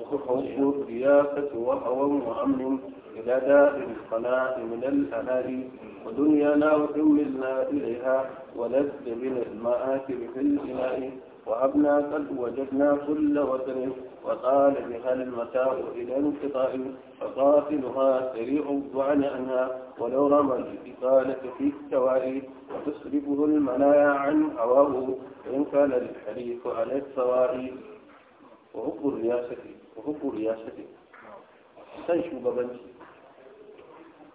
وحب رياسة وهوى وأمن إلى داء القناع من الأهالي ودنيانا وحملنا إليها ولذ من المآكل في الإناء وهبنا قد وجدنا كل وطن وقال بها المتاع إلى انقطاع فقاتلها سريع الظعن عنها ولو رمى الإطالة في التواري وتصرفه المنايا عن هواه وإن كان الحريف على السوائي wa hukun riyasati san shugabanci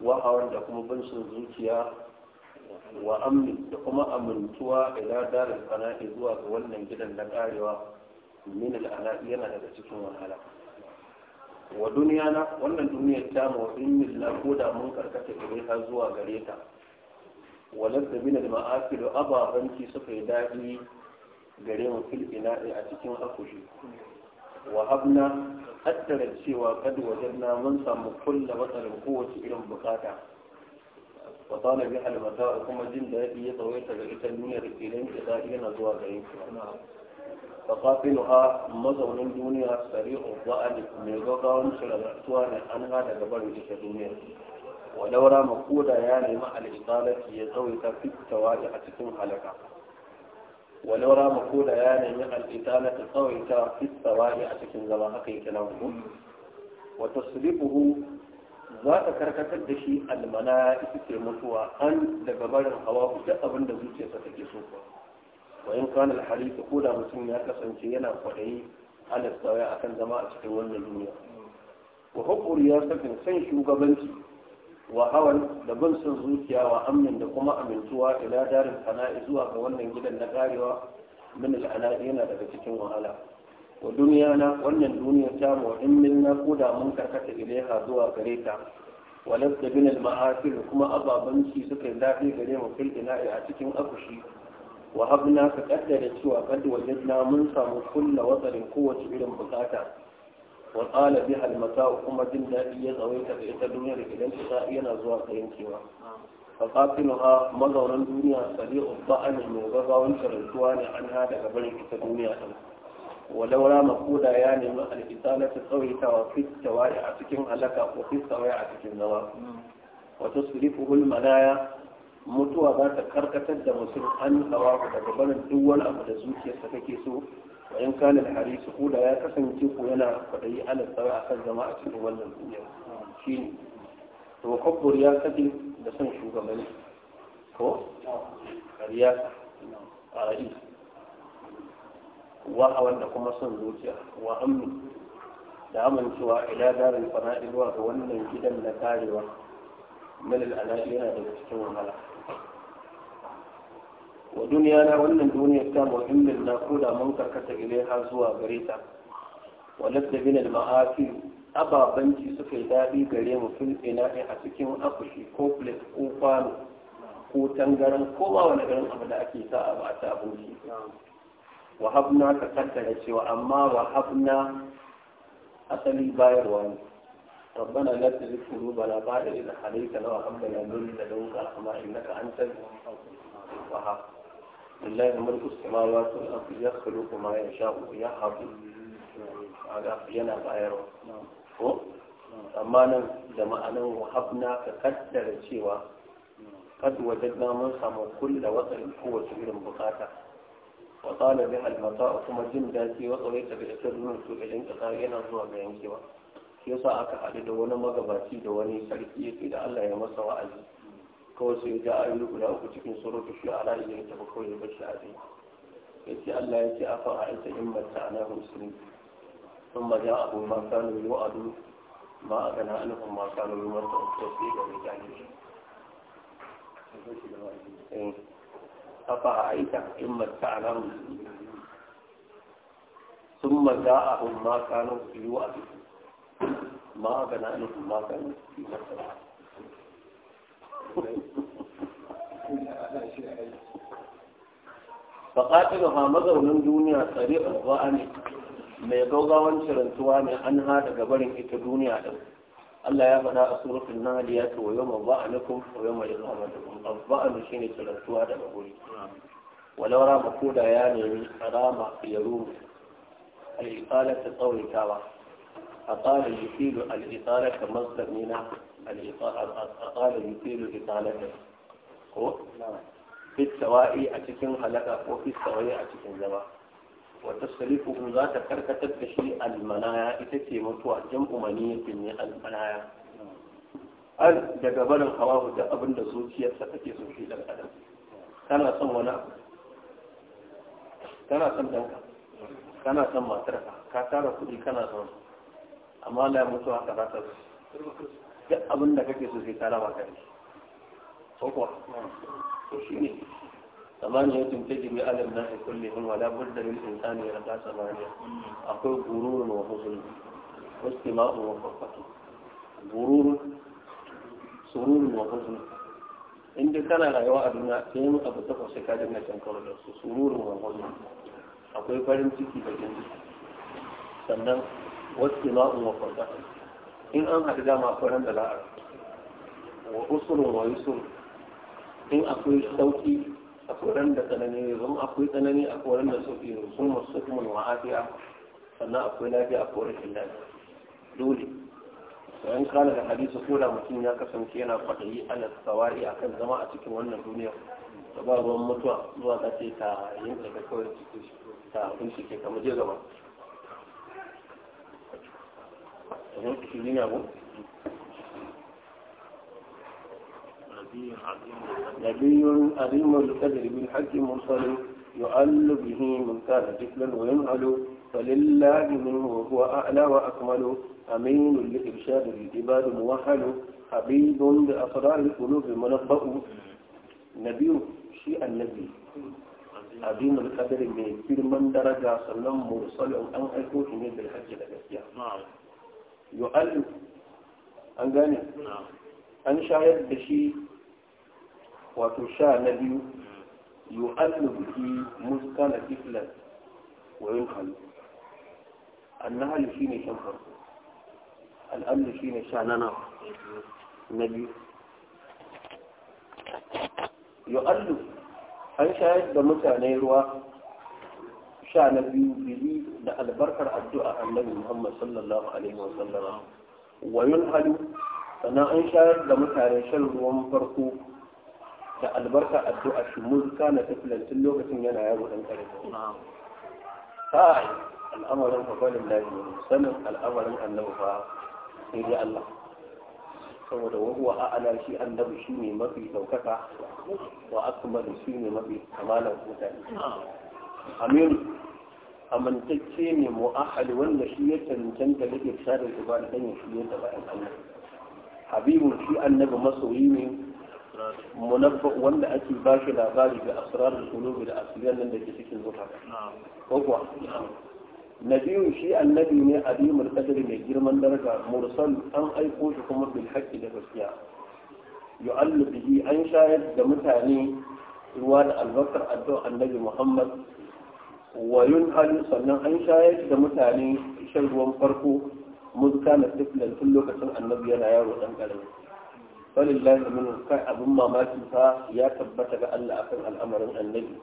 wa hawan da kuma bin zuciya wa amni da kuma amintuwa ila darin kana'i zuwa ga wannan gidan na karewa min al'ana'i yana daga cikin wahala wa duniya na wannan duniyar ta ma wa in ko da mun karkata gare har zuwa gare ta walar da min al-ma'afilu ababanci suka yi daɗi gare mu fil ina'i a cikin akushi وهبنا اثر سوى قد وجدنا من سام كل بطل قوة إلى بقاتا وطال بها المتاع كما جند يدي طويلة بقيت من رجلين إذا إلى فقاتلها مزون دونها سريع الضأل من غضاهم شرد أسوان أنها لقبل جسد دنيا ودورا مقودة يعني مع الإطالة يزوي تفيد توالي حتى حلقة walau rama ko da ya nemi al'itala ta tsawaita ne a cikin zama haka yake na hukum wata sulibuhu za ta karkatar da shi almana ita ce mutuwa an daga barin hawa duk abin da zuciyarsa take so wa in kana alhalifu ko da mutum ya kasance yana kwaɗayi ala tsawaya akan zama a cikin wannan duniya wa hukuri ya sakin son shugabanci wa hawan da bin son zuciya wa amnin da kuma amintuwa ila darin sana'i zuwa ga wannan gidan na karewa min al'ana yana daga cikin wahala wa duniya na wannan duniyar ta mu in min na koda mun karkata ilaiha zuwa gare ta wa lafda bin kuma ababan ci suka daɗi gare mu fil ina'i a cikin akushi wa habna ka kaddara cewa kad wajadna mun samu kullu wasarin kowace irin bukata wa'ala bi halmata kuma jin daɗi ya zaune ka da ita duniyar idan ta yana zuwa ka yankewa fa qatilu ha mazaunan duniya sadi ubba an mai gazawanta rantuwa ne an ha daga barin ita duniya ta wa laura makuda ya nemi alkitala ta tsawaitawa fit tawaye a cikin alaka ko fit a cikin zama wata sulifu hul malaya mutuwa za ta karkatar da musul an hawa daga barin duk wani abu da zuciyarsa kake so wayan kanin hari su da ya kasance ko yana kwaɗayi ana tsaye a kan zama a cikin wannan duniya shi ne to kwakwar ya kaɗe da son shugabanni ko kariya a ra'i wa a wanda kuma son zuciya wa amni da amincewa ila darin fana'i zuwa ga wannan gidan na karewa milil ala'i yana daga cikin wahala wa duniya na wannan duniyar ta muhimmin na koda mun karkata har zuwa gare ta walatta bin al-ma'afi ci suka yi daɗi gare mu fil ina'i a cikin akushi ko plate ko kwano ko tangaran ko ba wani garin abu da ake sa a ba ta abinci habna ka kaddara cewa amma wa habna asali bayarwa ne ربنا لا تزغ قلوبنا بعد إذ هديتنا وهب لنا من لدنك رحمة إنك أنت الوهاب لله su السماوات والأرض يخلق ما يشاء ويحب هذا yana bayarwa ko amma da ma'anan wahabna ka kaddara cewa kad wajadna mun samu kulla wasan kowace irin bukata wa qala bi al mata'a kuma jin daɗi wa tsawaita bi sirrin su idan kasa yana zuwa ga yankewa shi yasa aka haɗu da wani magabaci da wani sarki yake da Allah ya masa wa'azi kawai sun ja ayoyi guda uku cikin surutu shi ala ne ya tafi kawai ba shi abin ya ce Allah ya ce a fa a ita in mata ana musulmi sun ma ja abu ma kanu yi wa'adu ma a gana alifin ma kanu yi mata ta sai ga mai gani shi eh. a fa a ita in mata ana musulmi sun ma ja abu ma kanu yi wa'adu ma a gana alifin ma kanu yi mata faƙatilu ha mazaunin duniya tsari a ne mai gaugawan cirantuwa ne an ha daga barin ita duniya ɗin Allah ya faɗa a surufin nahali ya ce ma yau a nukun mai zama da kuma shi ne cirantuwa daga guri walau rama koda ya nemi rama ya rumu al'iƙalar ta tsawaitawa أقال يطيل الإطالة مصدر من الإطالة أقال يطيل الإطالة في السوائي أتكن خلقا وفي السوائي أتكن زبا وتصريفه ذات كركة تشريع المنايا إتكي متوى جمع منية من المنايا an daga الخواه hawahu da abin da zuciyarsa take so shi كان adam kana son wani abu kana son danka kana amma Allah ya mutu a karatar duk abin da kake so sai talaba kare kokuwa to shi ne zamani ya tunce jimi alim na ikon ne hulwa da burda min insani ya ta samaniya akwai gururun wa hukun wasu ma'u wa farfato gururun sururun wa hukun in kana rayuwa a duniya sai yin abu ta kwasai ka dinga can kawai da su sururun wa hukun akwai farin ciki da jin sannan wasu ma'un umar kwanza in an haɗu dama akwai ran da la'ar wa usulun wa yusur in akwai sauƙi akwai ran da tsanani ne zama akwai tsanani akwai ran da sauƙi ne sun masu kuma ma'afiya sannan akwai lafiya akwai rashin lafiya dole bayan kana da hadisi ko da mutum ya kasance yana kwaɗayi ala tsawari akan zama a cikin wannan duniyar da ba ruwan mutuwa zuwa ta ce ta yin daga kawai ta kunshi ke kama je gaba أبو نبي عظيم القدر بالحج مرسل يعل به من كان جفلا وينعل فلله منه وهو أعلى وأكمل أمين لإرشاد العباد موحل حبيب بأسرار القلوب منبأ نبي شيء النبي عظيم القدر من كل من درجة صلى الله عليه وسلم أن أكون من بالحج الأسيا yu'allu an gane an shayar da shi wato sha na biyu yu'allu bihi muskana tiflan wa yunhalu annahal shine shan farko al'amru shine sha na nawa na biyu yu'allu an shayar da mutane ruwa sha na biyu bili da albarkar addu'a annabi Muhammad sallallahu alaihi wa sallam wa yunhalu sannan an shayar da mutane shan ruwan farko da albarkar addu'a shi mulka na tafilantin lokacin yana yaro dan karfi yi al'amarin fabalin lahi ne sanin al'amarin annabi fa sai dai Allah saboda wahuwa a'ala shi annabi shi ne mafi ɗaukaka wa akmalu shi ne mafi kamalan mutane aminu amintacce ne mu'ahali wanda shi ya cancanta da ke sa da ba dan ya shi da bayan Allah Habibu shi annabi masoyi ne munabba wanda ake ba shi labari ga da qulubi da asiran nan da ke cikin zuciya ko kuwa nabiyu shi annabi ne alimul qadri mai girman daraja mursal an aiko shi kuma bil haqqi da gaskiya yu'allu bihi an shayar da mutane ruwa da albakar addu'a annabi muhammad wayun hali sannan an shayar da mutane shan ruwan farko muzka na tiflan tun lokacin annabi yana yaro dan karami falillahi min kai abin mamaki fa ya tabbata ga Allah akan al'amarin annabi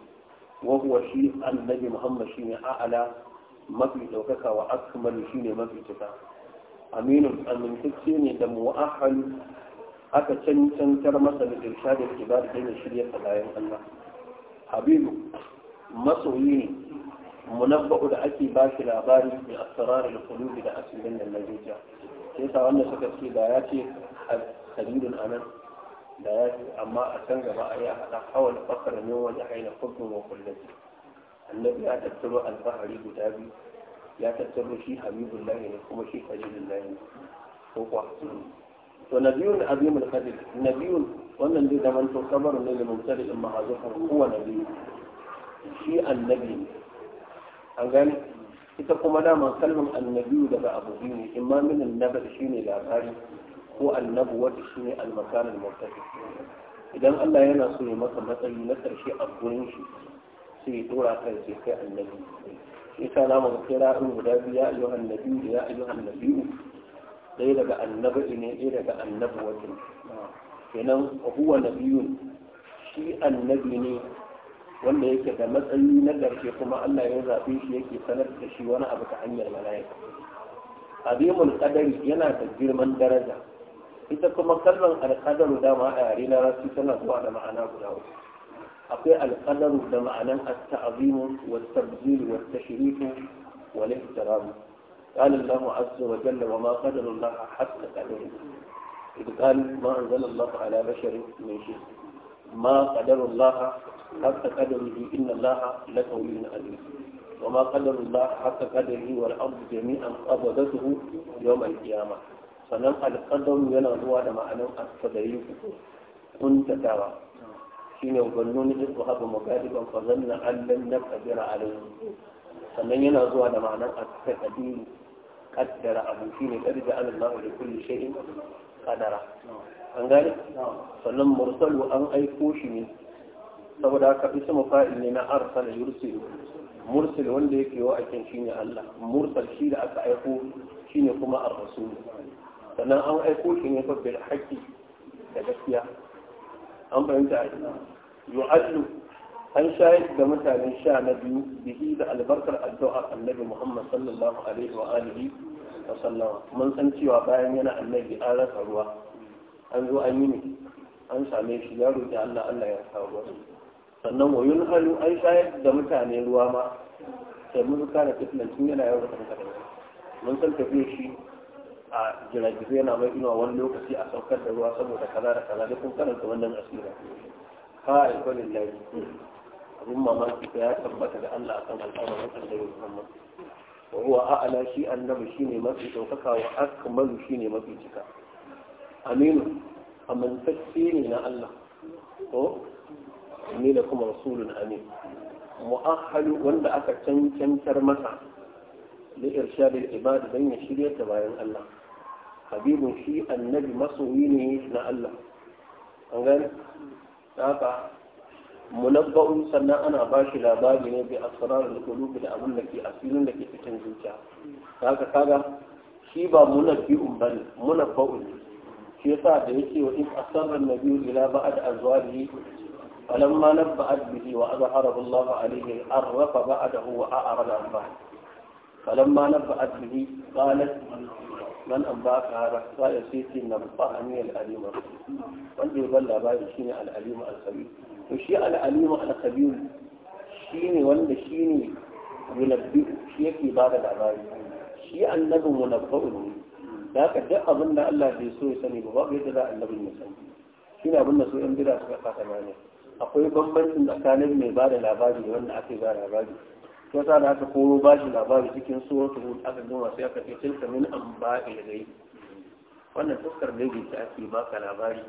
wa huwa shi annabi Muhammad ne a'ala mafi daukaka wa shi shine mafi cika aminu amintacce ne da mu'ahal aka cancantar masa da irshadin ibada da shirya bayan Allah habibu masoyi ne munabba'u da ake ba shi labari da asirar da qulub da asirin da lajiya sai sa wanda suka ce da ya ce sabilun anan da ya ce amma a can gaba a yi hada hawal fakar min wani haina hukun wa kullati annabi ya tattaro alfahari guda biyu ya tattaro shi habibullahi ne kuma shi khalilullahi ne ko kuwa to nabiyun azimul qadir nabiyun wannan zai zama to kabarin ne da mutare in mahazufan huwa nabiyu shi annabi ne an gani ita kuma daman kalmar annabiyu daga abu biyu ne imma min annabi shine labari ko annabu wata shine almakan almurtafi idan Allah yana so ya maka matsayi na karshe a gurin shi sai ya dora kai kai annabi shi ka na maka kira in guda biyu ya ayyuhan nabiyyu da ya ayyuhan nabiyyu dai daga annabi ne ɗaya daga annabu wata kenan huwa shi annabi ne wanda yake da matsayi na ƙarshe kuma Allah ya zaɓe shi yake sanar da shi wani abu ta hanyar mala'ika azimul qadari yana da girman daraja ita kuma kallon alƙadaru da ma a yare na rasu tana zuwa da ma'ana guda uku akwai alƙadaru da ma'anan at-ta'zimu wa at-tabzir wa at-tashrif wa al-ihtiram قال الله عز وجل وما قدر الله حق قدره إذ قال ma anzala Allah ala بشر min shay ما قدر الله حتى قدره إن الله a عليم وما قدر الله حتى قدره والأرض جميعا قبضته يوم القيامة sannan alƙadar yana zuwa da ma'anin asfadari kun tattawa shi ne gannoni da su haɓa magadiban fazan na allon na kabira sannan yana zuwa da ma'anin asfadari kaddara abu shi ne ƙarfi allah da kulli shay'in kadara an gani. sannan mursalu an aiko shi ne saboda haka ismu fa'il ne na arsala yursilu mursil wanda yake wa akin shine Allah mursal shi da aka aiko shine kuma ar-rasul sannan an aiko shi ne fa bil haqqi da gaskiya an fahimta a ina yu'allu an shayar da mutanen sha na biyu bihi da albarkar addu'a annabi Muhammad sallallahu alaihi wa alihi wa sallama mun san cewa bayan yana annabi an rasa ruwa an zo an yi ne an same shi ya roƙi Allah Allah ya kawo ruwa sannan wa yun halu an shayar da mutane ruwa ma sai mun zuka da fitnan tun yana yau da kanka mun san tafiye shi a jirage yana mai inuwa wani lokaci a saukar da ruwa saboda kaza da kaza da kun karanta wannan asira ha alkwalin lafi abin mamaki ta ya tabbata da allah akan al'amarin annabi muhammad wa huwa a'ala shi annabi shine mafi daukaka wa akmalu shine mafi cika aminu amintacce ne na allah ko inni lakum rasulun amin mu'ahhalu wanda aka cancantar masa da irshadil ibad don ya shirya ta bayan Allah habibun shi annabi masoyi ne na Allah an gani haka munabba'un sannan ana ba shi labari ne bi asrar al-qulub da abin da ke asirin da ke cikin zuciya haka kaga shi ba munabbi'un ne, munabba'un shi yasa da yake wa in asarra an-nabiyyu ila ba'd azwajihi فلما نبأت به وأظهره الله عليه عرف بعده وأعرض عن بعده فلما نبأت به قالت من أنبأك هذا قال سيتي نبأني العليم والذي بلى بعد شيني العليم الخبير وشيء العليم الخبير شيني ولا شيني ينبئ شيكي بعد بعض العباد شيء النبي منبئ ذاك duk abin da Allah bai so ya sani ba ba bai da annabin ya sani shi ne abin da akwai bambancin tsakanin mai ba da labari da wanda aka yi ba labari ya sa da aka koro ba shi labari cikin suratul hud aka gama sai aka ce tilka min amba'il ghaib wannan fuskar da yake ta ake ba ka labari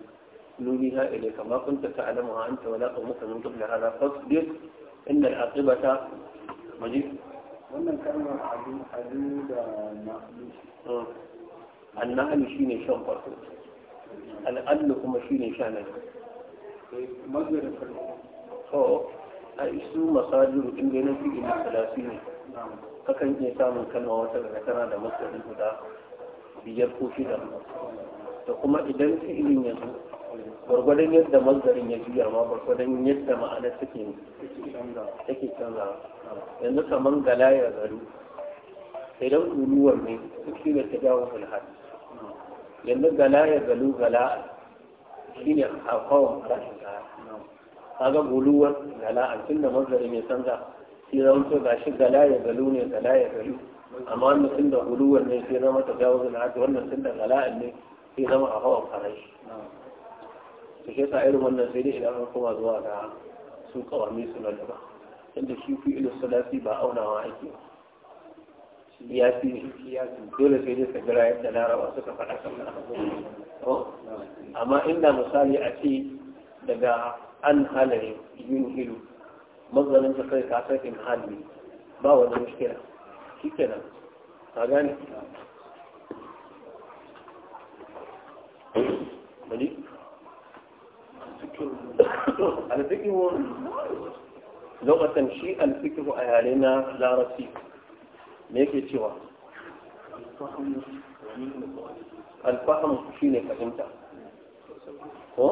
nuni ha ile kama ta ta'lamu ha anta wala qawmuka min qabl hadha fasbir inna al bata, majid wannan kalmar abu abu da na hmm. an-na'lu shine shan farko al-allu kuma shine sha na'lu to a isu masajiru inda na fi ina talasi ne kakan iya samun kalma wata daga tana da masjidin guda biyar ko shida da kuma idan fi'ilin ya zo gwargwadon yadda mazgarin ya biya ma gwargwadon yadda ma'anar take take canza yanzu kamar gala ya zaru idan uluwar ne shi da ta dawo filhad yanzu gala ya galu gala shine hafawan rashin kaya kaga guluwar gala a tun da mazari mai sanza sai zama to ga shi gala ya galu ne gala ya galu amma wannan tun da guluwar ne sai zama ta jawo zana haka wannan tun da gala ne sai zama a hawan farashi to shi yasa irin wannan sai dai idan an koma zuwa ga su kawami su nan da ba inda shi fi ilu salasi ba aunawa ake ba ya fi dole sai dai sabira yadda larawa suka faɗa sannan amma inda misali a ce daga an halaye yin hilu mazanin ta kai ka sai in hali ba wani mushkila shi ke nan ka gane bali wani lokacin shi alfikihu a yare na larabci me yake cewa alfahamu shine fahimta ko